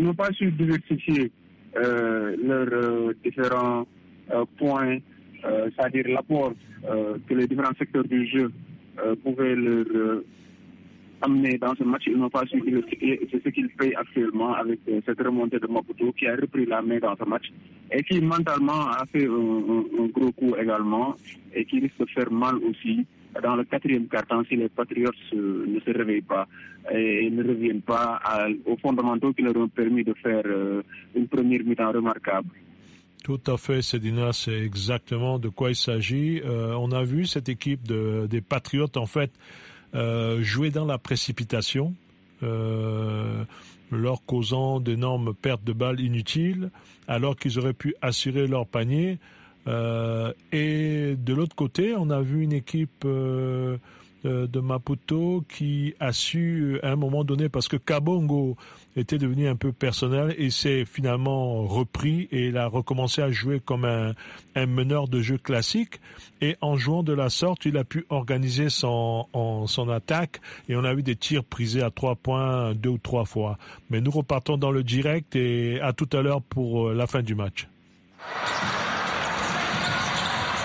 Ils n'ont pas su diversifier euh, leurs euh, différents euh, points, c'est-à-dire l'apport que les différents secteurs du jeu pouvaient leur amener dans ce match. Ils n'ont pas su diversifier. C'est ce qu'ils payent actuellement avec cette remontée de Maputo qui a repris la main dans ce match et qui mentalement a fait un, un gros coup également et qui risque de faire mal aussi dans le quatrième carton, si les patriotes ne se réveillent pas et ne reviennent pas aux fondamentaux qui leur ont permis de faire euh, une première mi-temps remarquable. Tout à fait, Sedina, c'est exactement de quoi il s'agit. Euh, on a vu cette équipe de, des Patriotes, en fait, euh, jouer dans la précipitation, leur causant d'énormes pertes de balles inutiles, alors qu'ils auraient pu assurer leur panier. Euh, et de l'autre côté, on a vu une équipe euh, euh, de Maputo qui a su, à un moment donné, parce que Kabongo était devenu un peu personnel et s'est finalement repris et il a recommencé à jouer comme un, un, meneur de jeu classique. Et en jouant de la sorte, il a pu organiser son, son attaque et on a eu des tirs prisés à trois points deux ou trois fois. Mais nous repartons dans le direct et à tout à l'heure pour la fin du match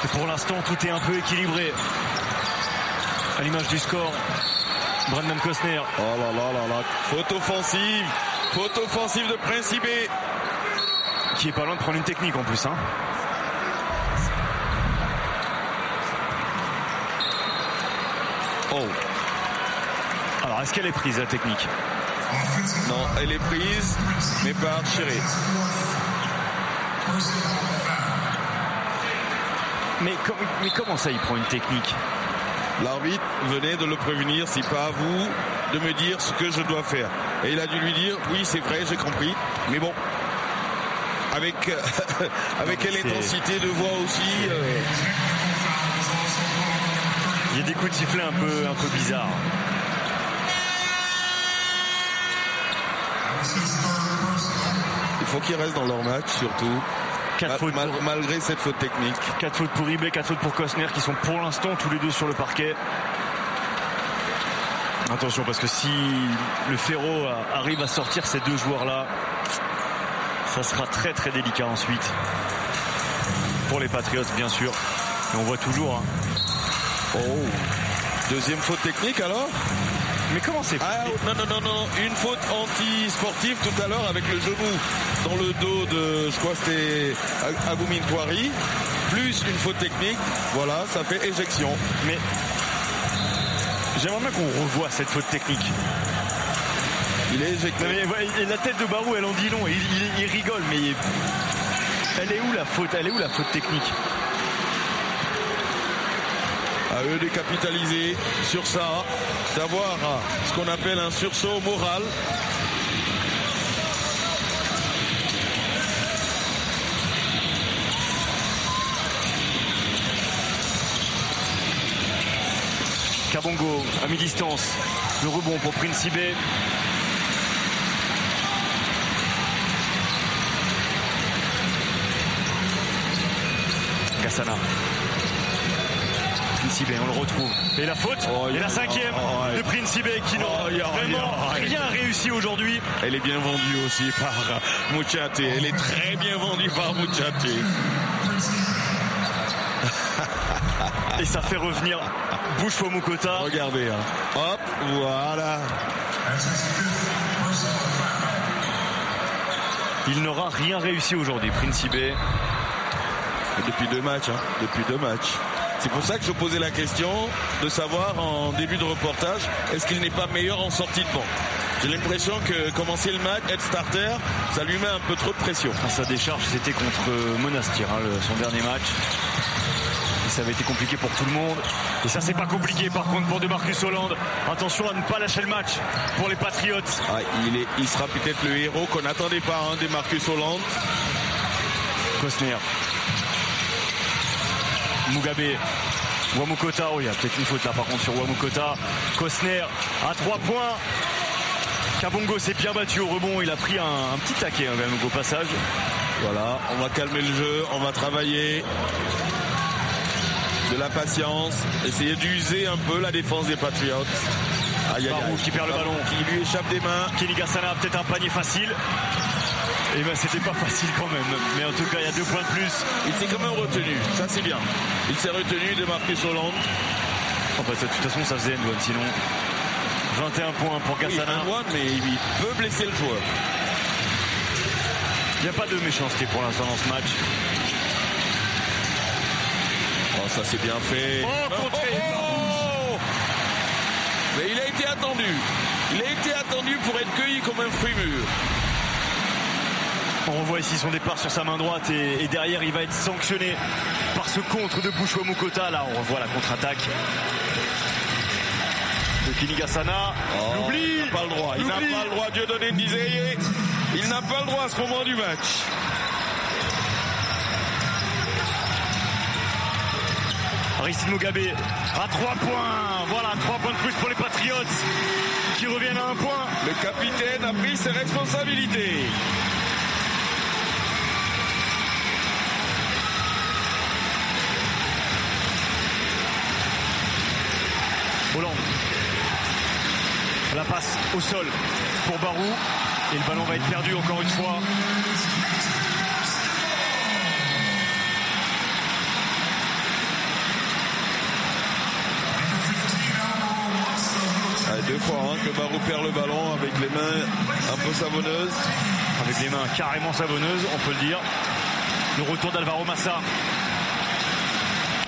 pour l'instant, tout est un peu équilibré. À l'image du score, Brandon Costner. Oh là là là là, faute offensive, faute offensive de Principe. Qui est pas loin de prendre une technique en plus. Hein. Oh. Alors, est-ce qu'elle est prise, la technique Non, elle est prise, mais pas chérie. Mais, comment ça, il prend une technique L'arbitre venait de le prévenir, c'est pas à vous de me dire ce que je dois faire. Et il a dû lui dire, oui c'est vrai, j'ai compris, mais bon. Avec, euh, avec quelle intensité de voix aussi. Euh. Il y a des coups de sifflet un peu, un peu bizarres. Il faut qu'ils restent dans leur match surtout. Malgré cette faute technique. 4 fautes pour Ribé, 4 fautes pour Kostner qui sont pour l'instant tous les deux sur le parquet. Attention parce que si le Ferro arrive à sortir ces deux joueurs-là, ça sera très très délicat ensuite. Pour les Patriots bien sûr. Et on voit toujours. Hein. Oh. Deuxième faute technique alors mais comment c'est ah, Non, non, non, non, une faute anti-sportive tout à l'heure avec le genou dans le dos de, je crois c'était Agumin poiri plus une faute technique, voilà, ça fait éjection. Mais j'aimerais bien qu'on revoie cette faute technique. Il est éjecté. la tête de Barou, elle en dit long, il, il rigole, mais elle est où la faute Elle est où la faute technique a eux de capitaliser sur ça, d'avoir ce qu'on appelle un sursaut moral. Kabongo à mi-distance. Le rebond pour Prince B. Kassana on le retrouve. Et la faute, oh, oh, et la cinquième de Princey de qui n'a vraiment rien oh, réussi aujourd'hui. Elle est bien vendue aussi par euh, Mouchate. Elle est très bien vendue par Mouchate. et ça fait revenir Bouchefo Mukota. Regardez, hein. hop, voilà. Il n'aura rien réussi aujourd'hui, Principe. Depuis deux matchs, hein. depuis deux matchs. C'est pour ça que je posais la question de savoir en début de reportage, est-ce qu'il n'est pas meilleur en sortie de banc J'ai l'impression que commencer le match, être starter, ça lui met un peu trop de pression. Ah, sa décharge, c'était contre euh, Monastir, hein, son dernier match. Et ça avait été compliqué pour tout le monde. Et ça, c'est pas compliqué par contre pour Demarcus Hollande. Attention à ne pas lâcher le match pour les Patriotes. Ah, il, est, il sera peut-être le héros qu'on n'attendait pas, hein, Demarcus Hollande. Costner Mugabe. Wamukota, oh, il y a peut-être une faute là par contre sur Wamukota. Kosner à 3 points. Kabongo s'est bien battu au rebond, il a pris un, petit taquet hein, même au passage. Voilà, on va calmer le jeu, on va travailler de la patience, essayer d'user un peu la défense des Patriots. Aïe, aïe, qui perd le ballon, qui lui échappe des mains. Kenny Gassana a peut-être un panier facile. Et eh bien c'était pas facile quand même. Mais en tout cas, il y a deux points de plus. Il s'est quand même retenu. Ça c'est bien. Il s'est retenu de Marcus Hollande. fait de toute façon, ça faisait Ndouane sinon. 21 points pour Gassana. mais il peut blesser le joueur. Il n'y a pas de méchanceté pour l'instant dans ce match. Oh, ça c'est bien fait. Oh, oh, oh, mais il a été attendu. Il a été attendu pour être cueilli comme un fruit mûr. On revoit ici son départ sur sa main droite et, derrière il va être sanctionné par ce contre de Bouchoua Moukota. Là on revoit la contre-attaque de Kinigasana. Oh, il n'a pas le droit. Il n'a pas le droit, Dieu donné disayer. Il n'a pas le droit à ce moment du match. Aristide Mugabe à 3 points. Voilà, 3 points de plus pour les Patriotes qui reviennent à un point. Le capitaine a pris ses responsabilités. passe au sol pour Barou. Et le ballon va être perdu encore une fois. deux fois hein, que Barou perd le ballon avec les mains un peu savonneuses. Avec les mains carrément savonneuses, on peut le dire. Le retour d'Alvaro Massa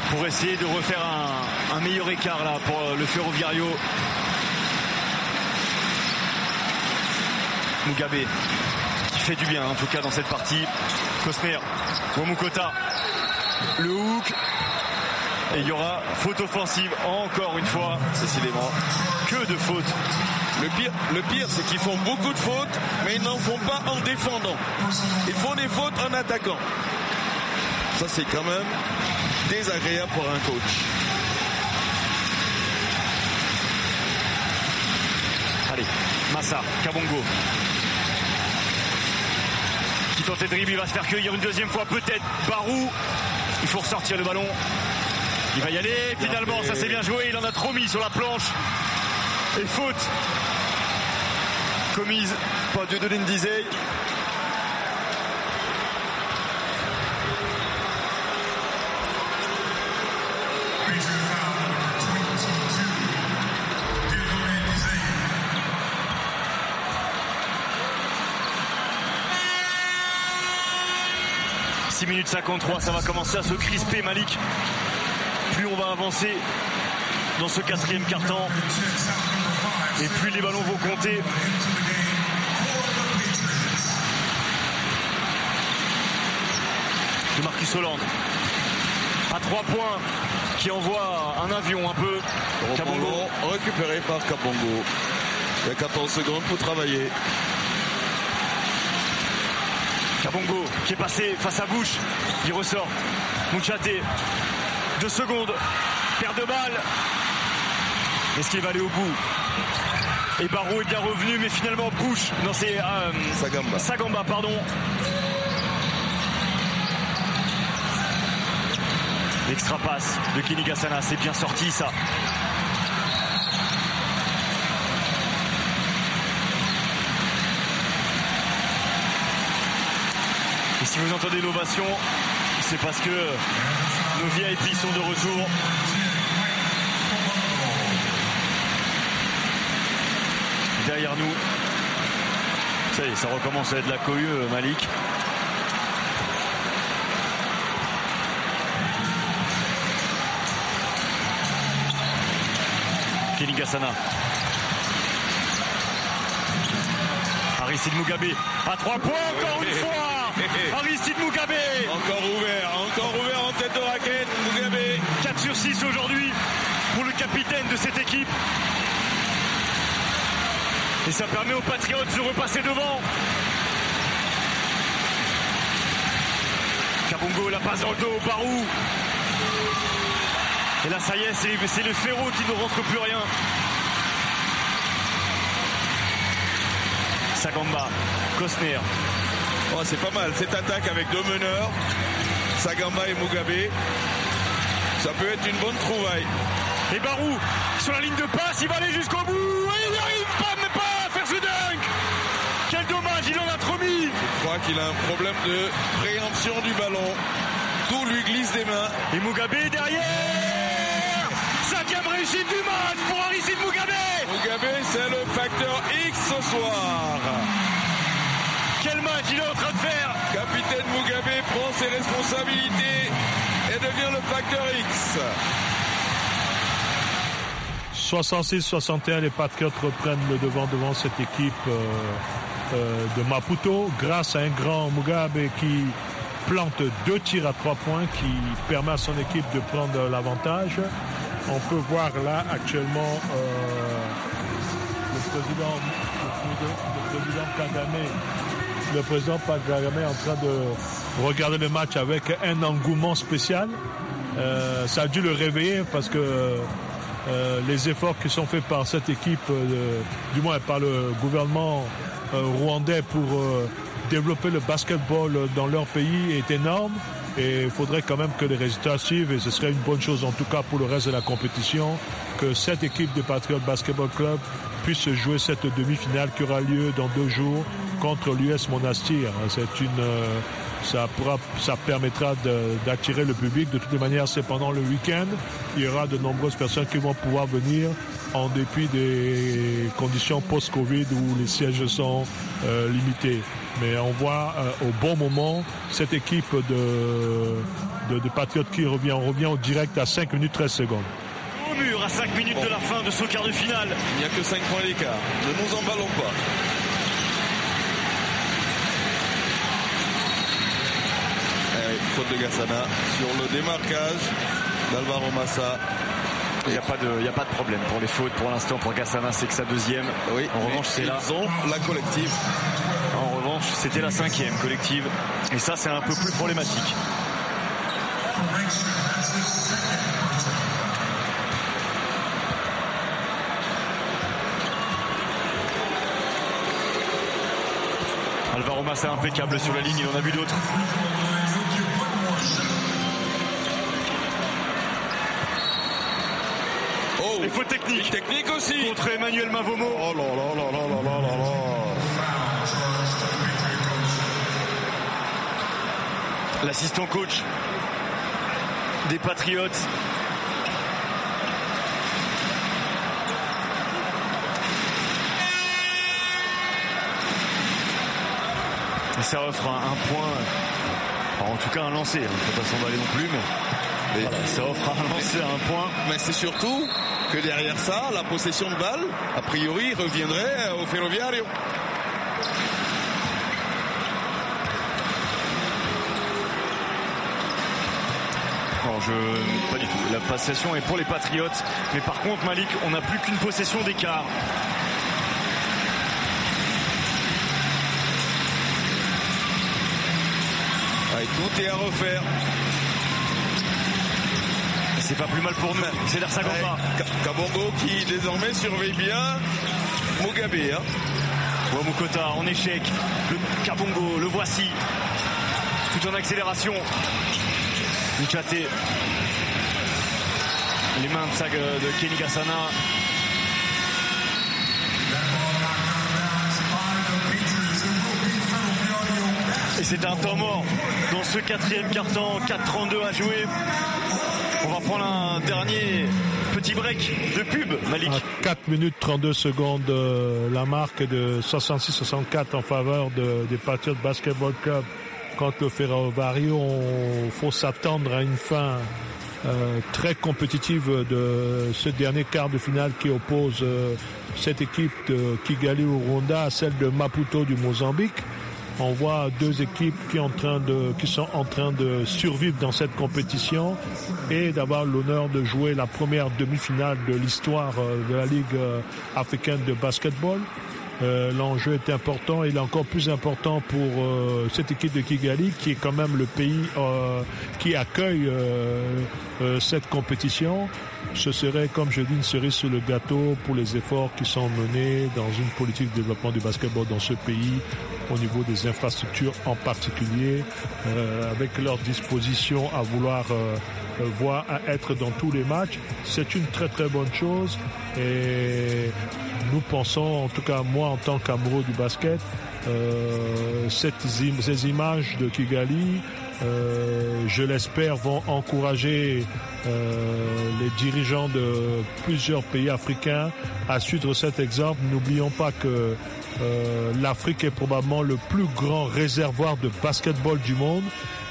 pour essayer de refaire un, un meilleur écart là pour euh, le Ferroviario Mugabe qui fait du bien en tout cas dans cette partie. Kosner, Womukota, le hook. Et il y aura faute offensive encore une fois, décidément. Que de fautes. Le pire, le pire c'est qu'ils font beaucoup de fautes, mais ils n'en font pas en défendant. Ils font des fautes en attaquant. Ça, c'est quand même désagréable pour un coach. Allez, Massa, Kabongo sur de dribble, il va se faire cueillir une deuxième fois peut-être. Barou Il faut ressortir le ballon. Il va y aller, finalement, ça s'est bien joué, il en a trop mis sur la planche. Et faute commise par Dieu de Lindizé. 53, ça va commencer à se crisper Malik. Plus on va avancer dans ce quatrième carton, et plus les ballons vont compter. De Marcus Hollande à 3 points qui envoie un avion un peu. Kabongo. Récupéré par Kabongo. Il y a 14 secondes pour travailler qui est passé face à Bouche. Il ressort. Mouchaté. Deux secondes. paire de balle. Est-ce qu'il va aller au bout Et Barreau est bien revenu, mais finalement Bouche. Non, c'est euh, Sagamba. pardon. L'extra passe de Kinigasana, c'est bien sorti ça. si vous entendez l'ovation c'est parce que nos VIP sont de retour. Derrière nous, ça y est, ça recommence à être la cohue, euh, Malik. Kenny Gassana. Aristide Mugabe à trois points encore une fois Aristide Mugabe. Encore ouvert, encore ouvert en tête de raquette. Mugabe. 4 sur 6 aujourd'hui pour le capitaine de cette équipe. Et ça permet aux Patriotes de repasser devant. Kabongo la passe dans le dos Barou. Et là, ça y est, c'est le ferro qui ne rentre plus rien. Sagamba, Kosner. Ah, c'est pas mal. Cette attaque avec deux meneurs, Sagamba et Mugabe, ça peut être une bonne trouvaille. Et Barou, sur la ligne de passe, il va aller jusqu'au bout. Et il arrive pas, mais pas à faire ce dunk. Quel dommage, il en a trop mis. Je crois qu'il a un problème de préemption du ballon. Tout lui glisse des mains. Et Mugabe derrière. Cinquième réussite du match pour Aristide Mugabe. Mugabe, c'est le facteur X ce soir qu'il est en train de faire Capitaine Mugabe prend ses responsabilités et devient le facteur X. 66-61, les Patriotes reprennent le devant devant cette équipe euh, euh, de Maputo grâce à un grand Mugabe qui plante deux tirs à trois points qui permet à son équipe de prendre l'avantage. On peut voir là actuellement euh, le président, le le président Pat est en train de regarder le match avec un engouement spécial. Euh, ça a dû le réveiller parce que euh, les efforts qui sont faits par cette équipe, euh, du moins par le gouvernement rwandais pour développer le basketball dans leur pays est énorme. Et il faudrait quand même que les résultats suivent et ce serait une bonne chose en tout cas pour le reste de la compétition que cette équipe de Patriot Basketball Club puisse jouer cette demi-finale qui aura lieu dans deux jours contre l'US Monastir. C'est une, euh, ça, permettra d'attirer le public. De toute manière. c'est pendant le week-end. Il y aura de nombreuses personnes qui vont pouvoir venir en dépit des conditions post-Covid où les sièges sont euh, limités. Mais on voit euh, au bon moment cette équipe de, de, Patriotes qui revient. On revient au direct à 5 minutes 13 secondes à 5 minutes de la fin de ce quart de finale. Il n'y a que 5 points d'écart. Ne nous emballons pas. Eh faute de Gassana sur le démarquage d'Alvaro Massa. Il n'y a, pas de, a pas de problème pour les fautes pour l'instant pour Gassana, c'est que sa deuxième. Oui, en revanche, c'est là. la collective. En revanche, c'était la cinquième collective. Et ça, c'est un peu plus problématique. C'est impeccable sur la ligne, il en a vu d'autres. Oh, il faut technique. Technique aussi. Contre Emmanuel Mavomo. Oh là là là là là là là. L'assistant coach des Patriotes ça offre un, point, en tout cas un lancer, On ne peut pas s'emballer non plus, mais, ça offre un lancer, un point. Mais c'est surtout que derrière ça, la possession de balle, a priori, reviendrait au ferroviaire je... Pas du tout. La possession est pour les Patriotes. Mais par contre, Malik, on n'a plus qu'une possession d'écart. tout à refaire. C'est pas plus mal pour nous, c'est l'air Kabongo qui désormais surveille bien Mugabe. Hein. en échec. Le Kabongo, le voici. Tout en accélération. Nichate. Les mains de, euh, de Kenny Gassana c'est un temps mort dans ce quatrième carton. 4-32 à jouer. On va prendre un dernier petit break de pub, 4 minutes 32 secondes, euh, la marque de 66-64 en faveur de, des Patriots Basketball Club contre le Ferrovario. Il faut s'attendre à une fin euh, très compétitive de ce dernier quart de finale qui oppose euh, cette équipe de Kigali au Rwanda à celle de Maputo du Mozambique. On voit deux équipes qui, sont en train de survivre dans cette compétition et d'avoir l'honneur de jouer la première demi-finale de l'histoire euh, de la Ligue euh, africaine de basketball. Euh, l'enjeu est important et il est encore plus important pour cette équipe de Kigali qui est quand même le pays qui accueille cette compétition ce serait, comme je dis, une cerise sur le gâteau pour les efforts qui sont menés dans une politique de développement du basketball dans ce pays, au niveau des infrastructures en particulier, euh, avec leur disposition à vouloir euh, euh, voir à être dans tous les matchs. C'est une très très bonne chose et nous pensons, en tout cas moi en tant qu'amoureux du basket, ces images de Kigali euh, je l'espère, vont encourager euh, les dirigeants de plusieurs pays africains à suivre cet exemple. N'oublions pas que euh, L'Afrique est probablement le plus grand réservoir de basketball du monde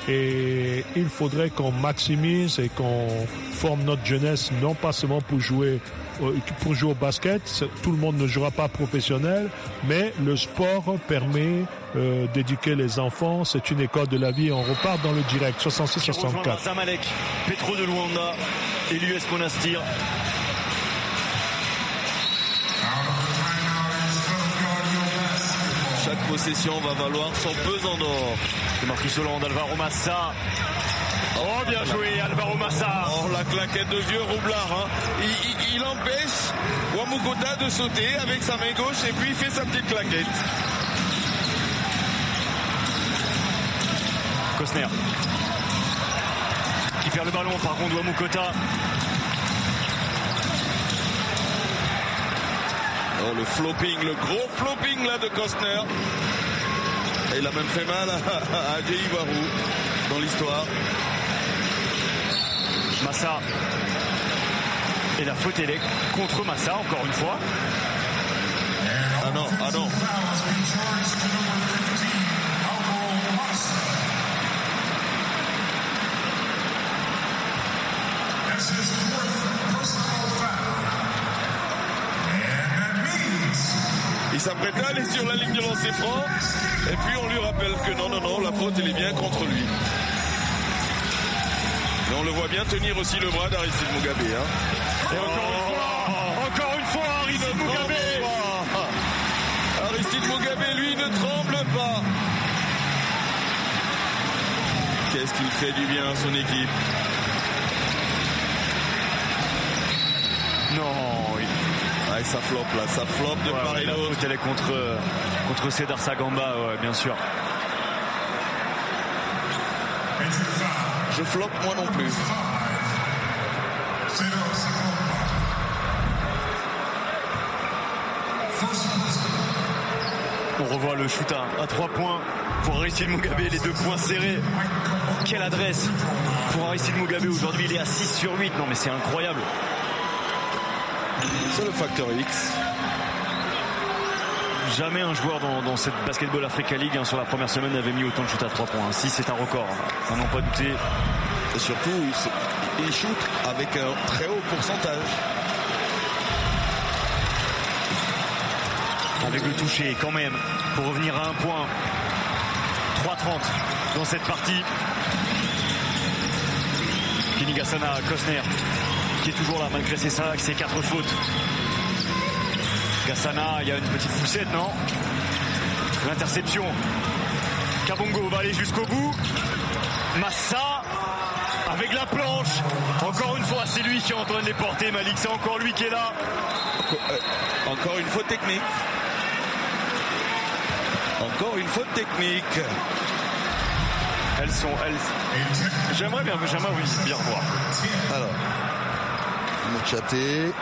et il faudrait qu'on maximise et qu'on forme notre jeunesse non pas seulement pour jouer euh, pour jouer au basket, tout le monde ne jouera pas professionnel, mais le sport permet euh, d'éduquer les enfants. C'est une école de la vie. On repart dans le direct 66-64. Petro de Luanda et l'US Monastir chaque possession va valoir son pesant d'or. Marcus Hollande, Alvaro Massa. Oh, bien joué, Alvaro Massa. Oh, la claquette de vieux roublard. Hein. Il, empêche Wamukota de sauter avec sa main gauche et puis il fait sa petite claquette. Cosner. Qui perd le ballon par contre Wamukota. le flopping, le gros flopping là de Costner. Et il a même fait mal à, à, dans l'histoire. Massa. Et la faute, elle est contre Massa, encore une fois. Ah non, ah non. Il s'apprête à aller sur la ligne de lancer franc. Et puis on lui rappelle que non, non, non, la faute, elle est bien contre lui. on le voit bien tenir aussi le bras d'Aristide Mugabe. Hein. Et encore une fois, encore une fois, Aristide Mugabe. Aristide Mugabe, lui, ne tremble pas. Qu'est-ce qu'il fait du bien à son équipe Non, il ah, et ça floppe là, ça flop de part Elle est contre, euh, contre Cédar Sagamba, bien sûr. Je floppe moi non plus. On revoit le shoot à, à 3 points pour Aristide Mugabe, les deux points serrés. Quelle adresse pour Aristide Mugabe aujourd'hui, il est à 6 sur 8. Non mais c'est incroyable. C'est le facteur X. Jamais un joueur dans, cette Basketball Africa League hein, sur la première semaine n'avait mis autant de shoots à 3 points. Hein. Si c'est un record, on n'en pas douter Et surtout, il shoot avec un très haut pourcentage. Avec le toucher quand même, pour revenir à un point. 3-30 dans cette partie. Kinigasana, Kosner, est toujours là malgré ses 5, ses 4 fautes. Gassana, il y a une petite poussette, non L'interception. Kabongo va aller jusqu'au bout. Massa avec la planche. Encore une fois, c'est lui qui est en train de les porter, Malik. C'est encore lui qui est là. Euh, encore une faute technique. Encore une faute technique. Elles sont. Elles... J'aimerais bien, j'aimerais oui, bien voir Alors. Chaté.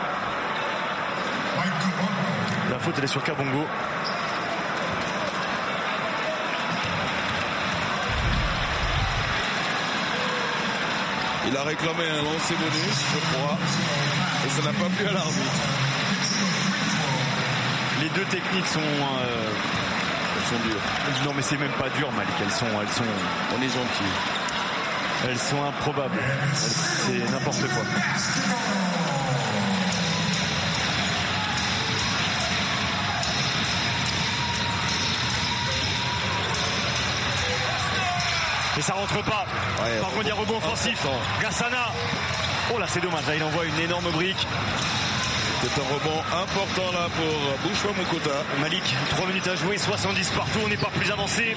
La faute, elle est sur Kabongo. Il a réclamé un lancer bonus, je crois, et ça n'a pas plu à l'arbitre. Les deux techniques sont, euh, sont dures. Non, mais c'est même pas dur, Malik. Elles sont, elles sont. On est gentil. Elles sont improbables. C'est n'importe quoi. Et ça rentre pas. Par contre, il y a rebond offensif. Gassana. Oh là, c'est dommage. Là, il envoie une énorme brique. C'est un rebond important là pour Bouchoua Moukota Malik, 3 minutes à jouer, 70 partout, on n'est pas plus avancé.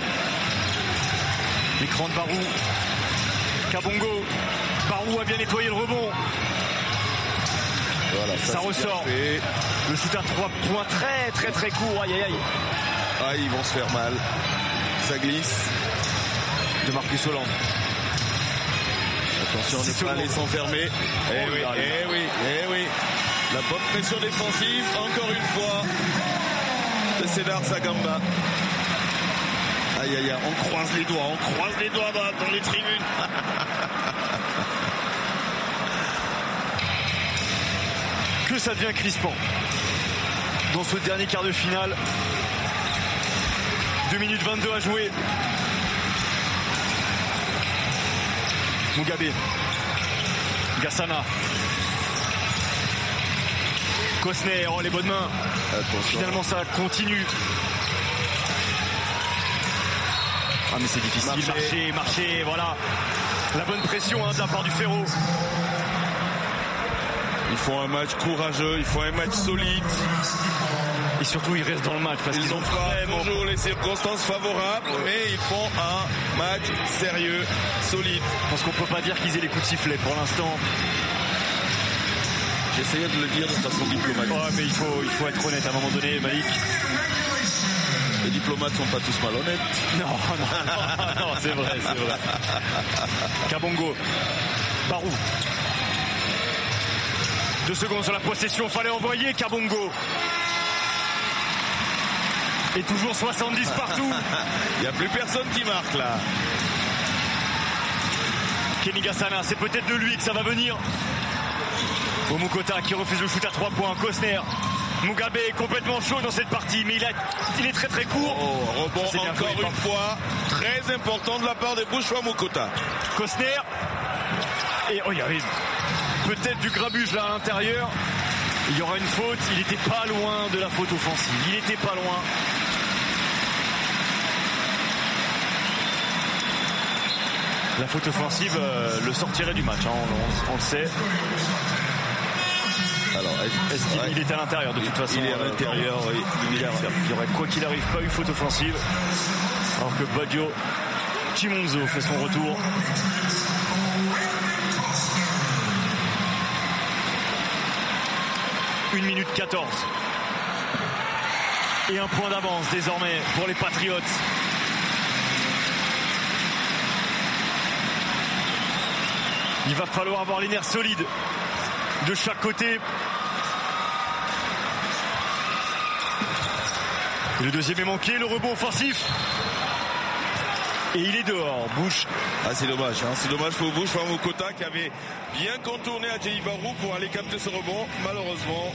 L'écran de Barou. Kabongo. Barou a bien nettoyé le rebond. ça, ressort. Le shoot à trois points très très très court. Aïe aïe aïe. aïe ah, ils vont se faire mal. Ça glisse de Marcus Hollande. Attention, on pas allé s'enfermer. Eh oh oui, eh oui, eh oui. La bonne pression défensive, encore une fois, de Cédar Sagamba. Aïe, aïe, aïe, on croise les doigts, on croise les doigts dans, dans les tribunes. que ça devient crispant dans ce dernier quart de finale. 2 minutes 22 à jouer. Mugabe. Gassana Cosner, les bonnes mains. Finalement ça continue. Ah mais c'est difficile, marcher, marcher, voilà. La bonne pression hein, de part du Ferro. Ils font un match courageux, ils font un match solide. Et surtout, ils restent dans le match parce qu'ils ont toujours les circonstances favorables, mais ils font un match sérieux, solide. Parce qu'on peut pas dire qu'ils aient les coups de sifflet pour l'instant. J'essayais de le dire de façon diplomatique. Ouais, oh, mais il faut, il faut être honnête à un moment donné, Malik. Les diplomates sont pas tous malhonnêtes. Non, non, non, non c'est vrai, c'est vrai. Kabongo, Barou, deux secondes sur la possession, fallait envoyer Kabongo. Et toujours 70 partout. Il n'y a plus personne qui marque là. Kenny Gassana, c'est peut-être de lui que ça va venir. Omukota qui refuse le shoot à 3 points. Kosner. Mugabe est complètement chaud dans cette partie, mais il, est très très court. Oh, rebond encore une fois, très important de la part des Bouchois Moukota Kosner. Et oh, il arrive peut-être du grabuge là à l'intérieur. Il y aura une faute. Il était pas loin de la faute offensive. Il était pas loin. La faute offensive euh, le sortirait du match, hein, on, le sait. Alors, est-ce qu'il est à l'intérieur de toute façon Il est à euh, l'intérieur, Il, y aurait quoi qu'il arrive pas eu faute offensive. Alors que Badio Kimonzo fait son retour. 14. Et un point d'avance désormais pour les Patriots. Il va falloir avoir les nerfs solides de chaque côté. le deuxième est manqué, le rebond offensif et il est dehors, Bouche. Ah, c'est dommage, hein. c'est dommage pour Bouche, pour Mokota qui avait bien contourné à Barou pour aller capter ce rebond. Malheureusement,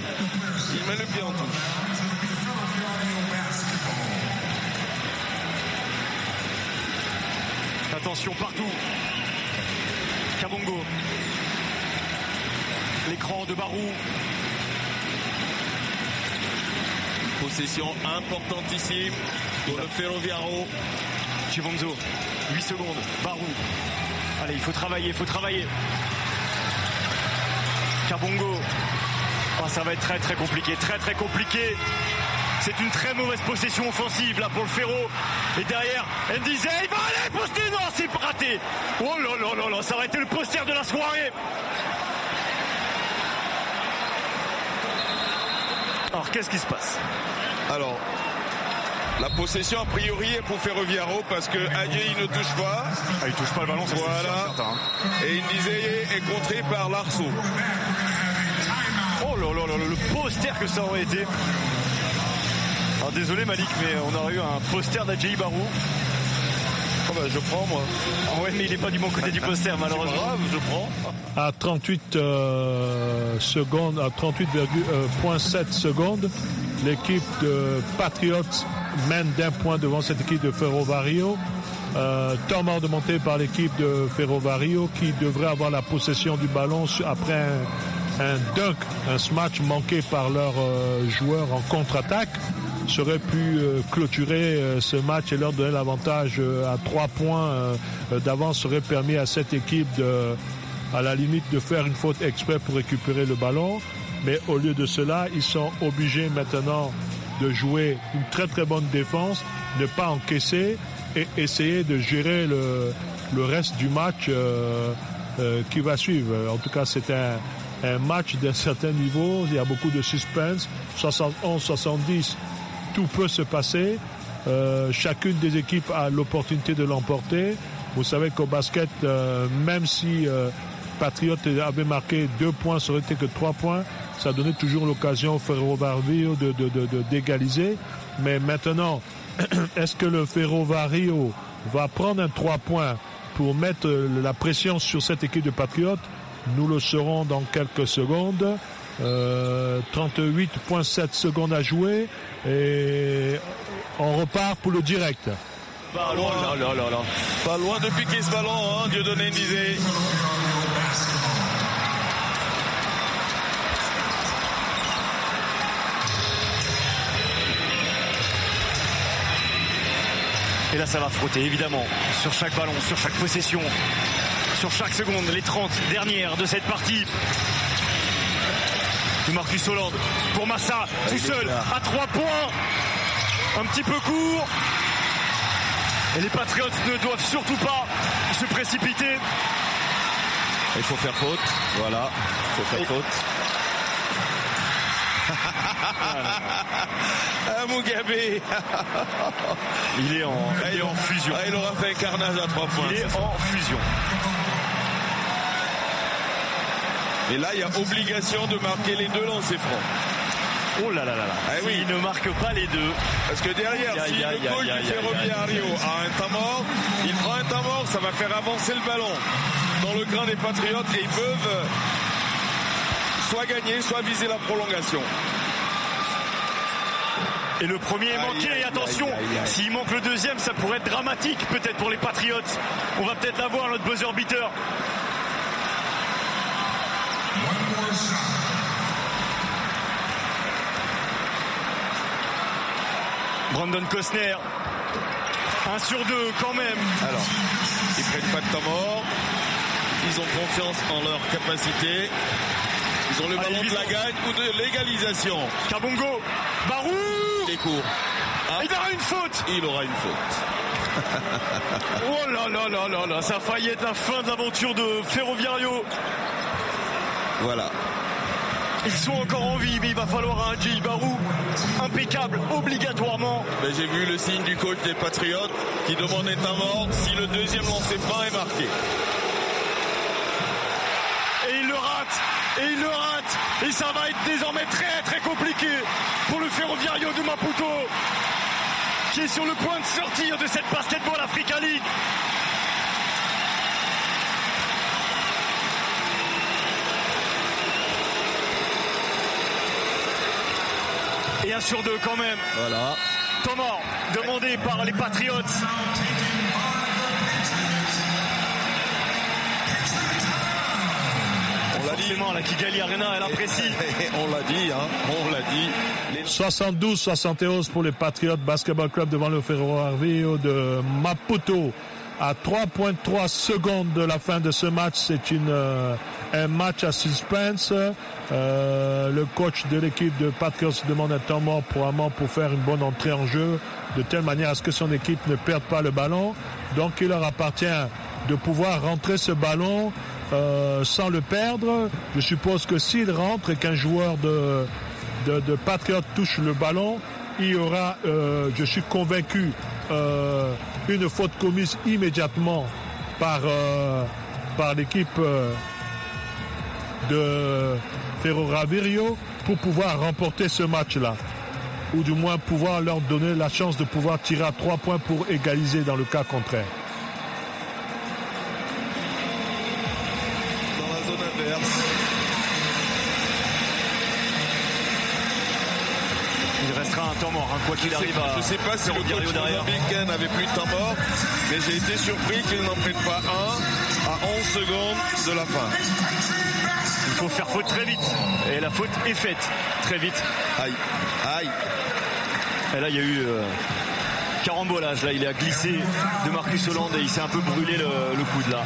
il met le pied en touche. Attention partout. Kabongo. L'écran de Barou. Possession importantissime pour le Ferroviaro. Givanzo, 8 secondes. Barou. Allez, il faut travailler, il faut travailler. Carbongo. Oh, ça va être très très compliqué, très très compliqué. C'est une très mauvaise possession offensive là pour le Ferro. Et derrière, elle disait, il va aller poster. Non, c'est raté. Oh là là là là, ça va être le poster de la soirée. Alors qu'est-ce qui se passe Alors, la possession a priori est pour Ferroviaro parce que Adjaye ne touche pas. Ah, il touche pas le ballon, voilà. certain, hein. Et est contré par l'Arceau Oh là là là, le poster que ça aurait été. Alors ah, désolé Malik, mais on aurait eu un poster d'Adjei Barou ah bah, je prends moi. Ah oui, mais il n'est pas du bon côté du poster malheureusement. je prends. À 38 euh, secondes, à 38,7 euh, secondes, l'équipe de Patriots mène d'un point devant cette équipe de Ferrovario. Euh, temps de par l'équipe de Ferrovario qui devrait avoir la possession du ballon après un, un dunk, un smash manqué par leur euh, joueur en contre-attaque serait pu euh, clôturer euh, ce match et leur donner l'avantage euh, à trois points d'avance serait permis à cette équipe de, à la limite de faire une faute exprès pour récupérer le ballon. Mais au lieu de cela, ils sont obligés maintenant de jouer une très très bonne défense, ne pas encaisser et essayer de gérer le, reste du match qui va suivre. En tout cas, c'est un match d'un certain niveau. Il y a beaucoup de suspense. 71-70 tout peut se passer. Euh, chacune des équipes a l'opportunité de l'emporter. Vous savez qu'au basket, euh, même si euh, avait marqué deux points, ça aurait été que trois points. Ça donnait toujours l'occasion au Ferro Vario de, d'égaliser. Mais maintenant, est-ce que le Ferro Vario va prendre un trois points pour mettre la pression sur cette équipe de Patriote Nous le saurons dans quelques secondes. 38.7 euh, secondes à jouer et on repart pour le direct. Pas loin, oh de piquer ce ballon, hein, une disait. Et là, ça va frotter, évidemment, sur chaque ballon, sur chaque possession, sur chaque seconde, les 30 dernières de cette partie de Marcus Hollande. Pour Massa, tout seul, à 3 points. Un petit peu court. Et les Patriots ne doivent surtout pas se précipiter. Il faut faire faute. Voilà, il faut faire faute. ah, Mugabe Il est en, il est en fusion. Ah, il aura fait un carnage à trois points. Il est en fusion. Et là, il y a obligation de marquer les deux lancers francs. Oh là là là là. Eh oui. Il ne marque pas les deux. Parce que derrière, si le goal du ferroviario a un temps il prend un temps ça va faire avancer le ballon dans le grain des Patriotes et ils peuvent soit gagner, soit viser la prolongation. Et le premier est manqué, et attention, s'il manque le deuxième, ça pourrait être dramatique peut-être pour les Patriotes. On va peut-être l'avoir, notre buzzer beater. Brandon Costner. 1 sur 2 quand même. Alors, ils prennent pas de temps mort. Ils ont confiance en leur capacité. Ils ont le ballon de la gagne ou de l'égalisation. Kabongo. Barou. Ah. Il aura une faute. Il aura une faute. oh là là là là là, ça a failli être la fin de l'aventure de Ferroviario. Voilà. Ils sont encore en vie, mais il va falloir un Jay Barou impeccable, obligatoirement. Ben, j'ai vu le signe du coach des Patriotes qui demandait à mort si le deuxième lancer franc est marqué. Et il le rate, et il le rate, et ça va être désormais très très compliqué pour le ferroviario de Maputo qui est sur le point de sortir de cette Basketball Africa League. et un sur deux quand même. Voilà. Thomas, demandé par les Patriots. On l'a dit. La Kigali Arena, elle apprécie. on l'a dit, hein. On l'a dit. 72-71 pour les Patriots Basketball Club devant le Arvio de Maputo. À 3.3 secondes de la fin de ce match, c'est une euh, un match à suspense. Euh, le coach de l'équipe de Patriots demande un temps pour pour faire une bonne entrée en jeu, de telle manière à ce que son équipe ne perde pas le ballon. Donc il leur appartient de pouvoir rentrer ce ballon euh, sans le perdre. Je suppose que s'il rentre et qu'un joueur de, de, Patriots touche le ballon, il y aura, euh, je suis convaincu, une faute commise immédiatement par, par l'équipe de Ferro Ravirio pour pouvoir remporter ce match-là. Ou du moins pouvoir leur donner la chance de pouvoir tirer à trois points pour égaliser dans le cas contraire. Dans la zone inverse. Il restera un temps mort, hein, quoi qu'il arrive. Je ne sais pas si le derrière. n'avait plus de temps mort, mais j'ai été surpris qu'il n'en prenne pas un à 11 secondes de la fin. Il faut faire faute très vite. Et la faute est faite très vite. Aïe, aïe. Et là, il y a eu euh, carambolage. Là, il a glissé de Marcus Hollande et il s'est un peu brûlé le, coude là.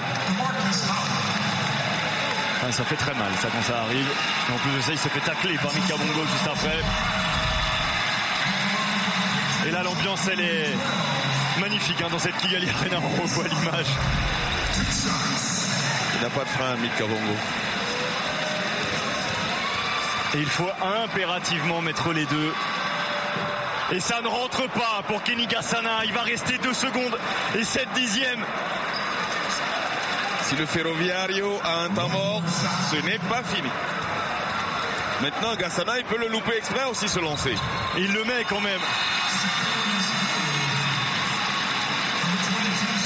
Ah, ça fait très mal, ça, quand ça arrive. en plus de ça, il s'est fait tacler par Mika Bongo juste après. Et là, l'ambiance, elle est magnifique hein, dans cette Kigali Arena. On revoit l'image. Il n'a pas de frein, Mika Bongo. Et il faut impérativement mettre les deux. Et ça ne rentre pas pour Kenny Gassana. Il va rester deux secondes et 7 dixièmes. Si le Ferroviario a un temps mort, ce n'est pas fini. Maintenant, Gassana, il peut le louper exprès aussi se lancer. il le met quand même.